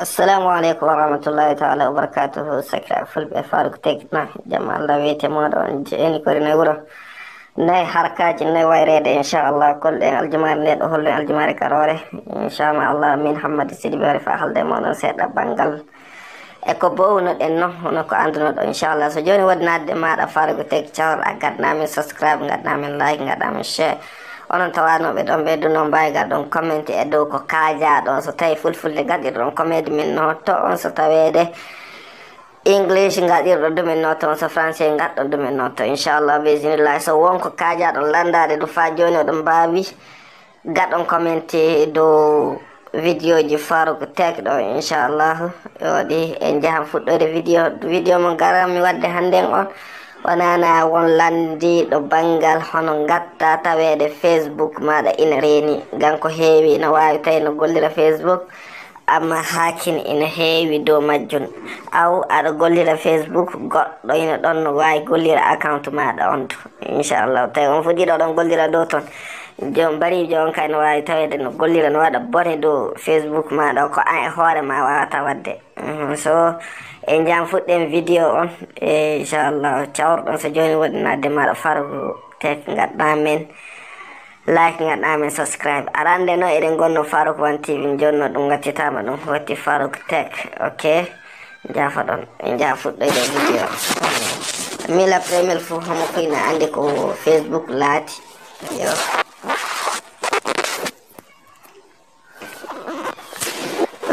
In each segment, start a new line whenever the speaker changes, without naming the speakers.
assalamu aleykum wa rahmatullahi taala wa barakatuhu sakra fulɓe faruk tekna jaam allah wiyete moɗon jeeni korine wuuro nayi harkaji nayi wayrede inchallah kolɗe aljumare nde ɗo hollu aljumare karore inchallah allah min hammadi sidi ɓewre fa halde moɗon seeɗa banggal eko bownoɗen no hono ko andunoɗo inchallah so joni waɗi nadde maɗa farugo tek cawr a gaddnamin subscribe gaddnamin like gaddamin share onon tawanoɓe ɗon ɓeydu noon mbawigal ɗon commenté e dow ko kaja ɗon so tawi fulfulde gaɗirɗon comédi min notto on so tawede english gaɗirɗo ɗumen notto on so français gaɗɗo ɗumen notto inchallah bisinillah so wonko kaja ɗon landade ɗum fa joni oɗon mbawi gaɗon commenté e dow vidéo ji farouk tek ɗo inchallah yoɗi en jahan fuɗɗode vidéo vidéo mo garan mi wadde hannden on wonana won landiɗo banggal hono gatta tawede facebook maɗa ina reeni gan ko heewi no wawi tawi no gollira facebook amma hakkine ina heewi dow majjum aw aɗa gollira facebook goɗɗo ina ɗon no wawi gollira account maɗa on to inchallahu tawi on fuɗiɗo ɗon gollira dow toon jon mbari jon kay no wawi tawede no gollira no waɗa bone dow facebook maɗa ko a e hoore ma wawata wadde so e jam fuɗɗen vidéo on e inchallah cawrɗon so joni woɗinade maɗa fargo tek gaɗɗamen like gaɗɗamen subscribe arande no eɗen gonno farouk wan tv jonno ɗum gaccitama ɗum watti farouk tek ok jafa ɗon e ja fuɗɗoyɗo vidéo mila premiel fo homo koyna andi ko facebook laati yo yeah.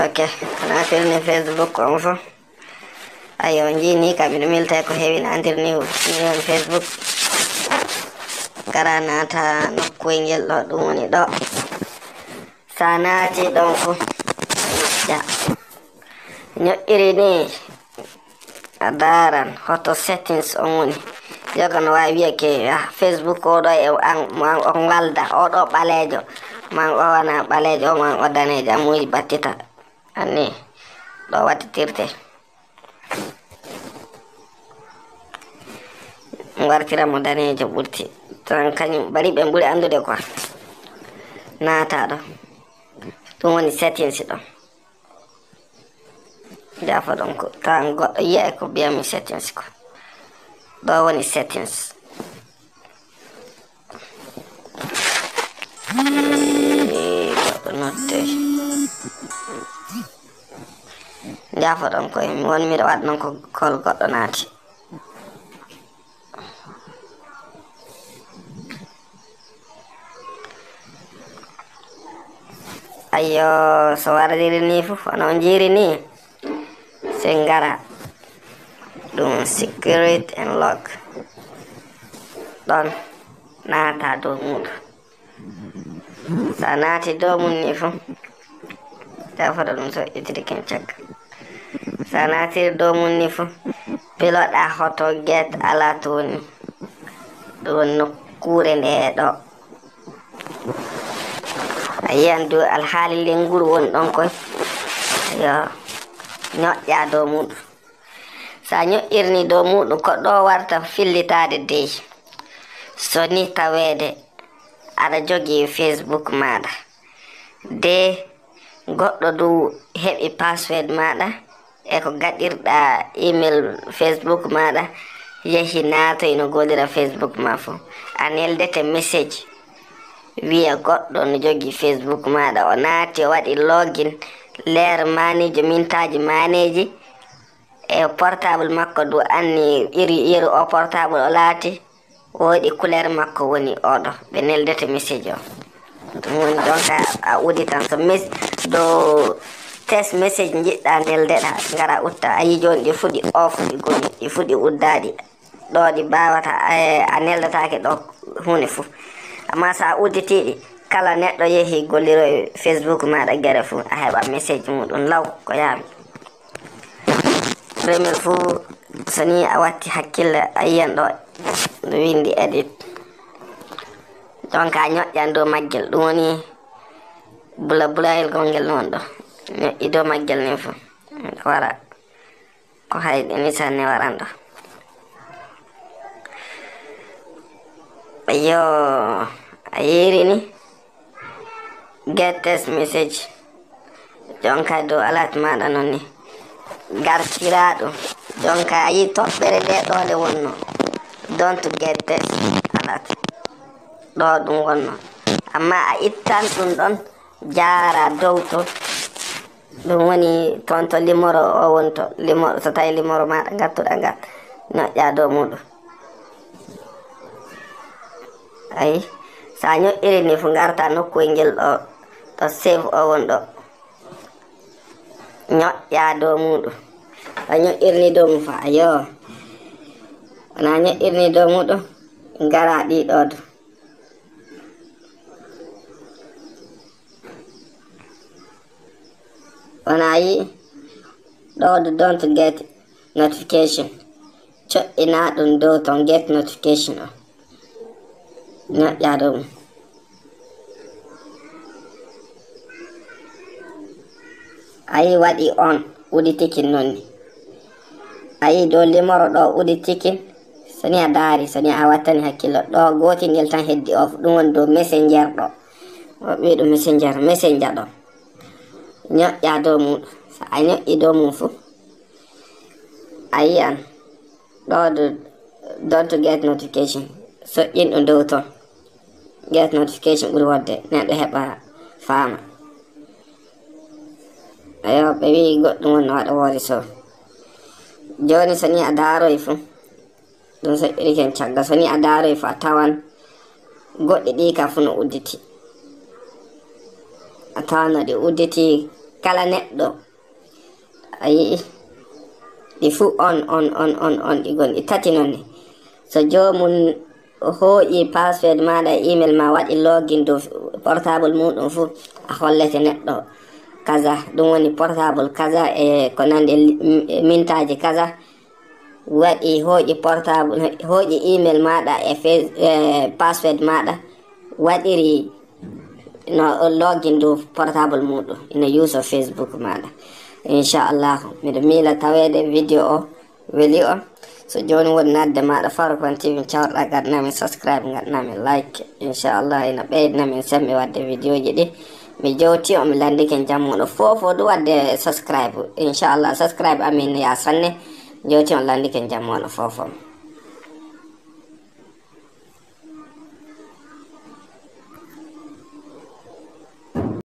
ok ana firni facebook on fo ayo jini kam mbiɗo miltai ko heewi no andirni ni on facebook gara nata nokkuyngel ɗo ɗum woni ɗo sa naati ɗon fo ja ñoƴƴiri ni a daran hoto settings on woni joga no wawi wiya ke facebook oɗo e an walda oɗo ɓalejo man o wana ɓalejo o man o danejo amuji battita Ani, bawa titir teh. Enggak tira mudane aja bulti. Terangkanya balik bembuli andu deh kuah. Nah taro. Tunggu nih setin sih dong. Jafa dong ku. Tanggo, iya aku biar nih sih kuah. Bawa nih setin sih. Ini, kapan nanti? jaafo ɗon koye won miɗo waɗ non ko kol goɗɗo naati ayyo so wardiri ni fof ono jiiri ni se ngara ɗum security and lock ɗon naata dow muɗum sa naati dow mum ni fof jafoɗa ɗum so ittiri ken cakka so a naatiri dow mum ni fo piloɗa hoto get ala toni ɗum nokkure nde ɗo a yiyan du alhaali lenguru woni ɗon koy yo ñoƴƴa dow muɗum so a ñoƴƴirni dow muɗum koɗɗo warta fillitade dey so ni tawede aɗa jogi facebook maɗa de goɗɗo du heɓi password maɗa eko gaɗirɗa email facebook maɗa yehi naato ino golira facebook ma fo a neldete message wiya goɗɗo no jogi facebook maɗa o naati o waɗi login leer manijo mintaji maneji e portable makko du anni iri iri o portable o laati woɗi couleur makko woni oɗo ɓe neldete message o ɗum woni ɗon ka a uɗi tan so mes dow test message jiɗɗa ndeldeɗa gara utta ayi joni ɗi fuɗi off ɗi goni ɗi fuɗi uddaɗi ɗo ɗi mbawata eh, a neldatake ɗo hunde fuu amma sa udditiɗi kala neɗɗo yeehi golliroye facebook maɗa gere fuu a heɓa message muɗum law ko yami remel fuu so ni a watti hakkille a yiyan ɗo ndu windi edit donc a ñoƴƴan dow maggel ɗum woni bula bulayel gongel noon ɗo i do maggel nin fo wara ko hay emisanni waranɗo yo a yirini gettes message jonka dow alat maɗa non ni gartira ɗum jonka a yi toɓɓere nde ɗode wonno dont gettes alat ɗo ɗum wonno amma a ittan ɗum ɗon jara dow to dum woni toon to limoro o woni to limoro so tay limoro da gattuɗa no ya do mudu ay sa iri ni fu no ko ngel ɗo to save o won ɗo ya do mudu a ñoƴƴirni do mu fa ayo ni do mudu ngara di do od wonayi ɗoɗo don't get notification coɗɗina ɗum dow ton get notification on ñoƴƴa ɗum ayi waɗi on uɗitikin nonni ayi dow limoro ɗo uɗitikin soni a daari soni a wattani hakkillo ɗo gotingel tan heddi of ɗum woni dow messenger ɗo o ɓiɗum messenger messenger ɗon ñoƴƴa dow muɗum so a ñoƴƴi dow mum fuu a yiyan ɗo do donto get notification soƴƴin ɗo dow toon get notification ɓuri wodde neɗɗo heɓa faama eyo ɓe wi goɗɗum woni no waɗa woori so joni so ni a daaroye fuu ɗum soƴƴiri ken cagga so ni a daaroye fuu a tawan goɗɗi ɗi ka fu no udditi a tawan no ɗi udditi kala neɗɗo ayii ɗi fuu on on on on on ɗi gonɗi tati noonne so jomum hoƴi passwed maɗa e email ma waɗi login do portable muɗum fuu a hollete neɗɗo kaza ɗum woni portable kaza e ko nandi e e mintaji kaza waɗi hoƴi portable hoƴi email maɗa e, e passwed maɗa waɗiri no login du portable muɗum ina usa facebook maɗa inchallah miɗo mila tawede vidéo o weeli o so joni woni nadde maɗa farocontivi cawrɗa gadnamin subscribe gadnamin like inchallah ina ɓeydnamin sembe wadde vidéo ji ɗi mi jewti omi landike jammuɗo fofo du wadde subscribe inchallah subscribe amin ya sanne jewti on landike jammuɗo fofoma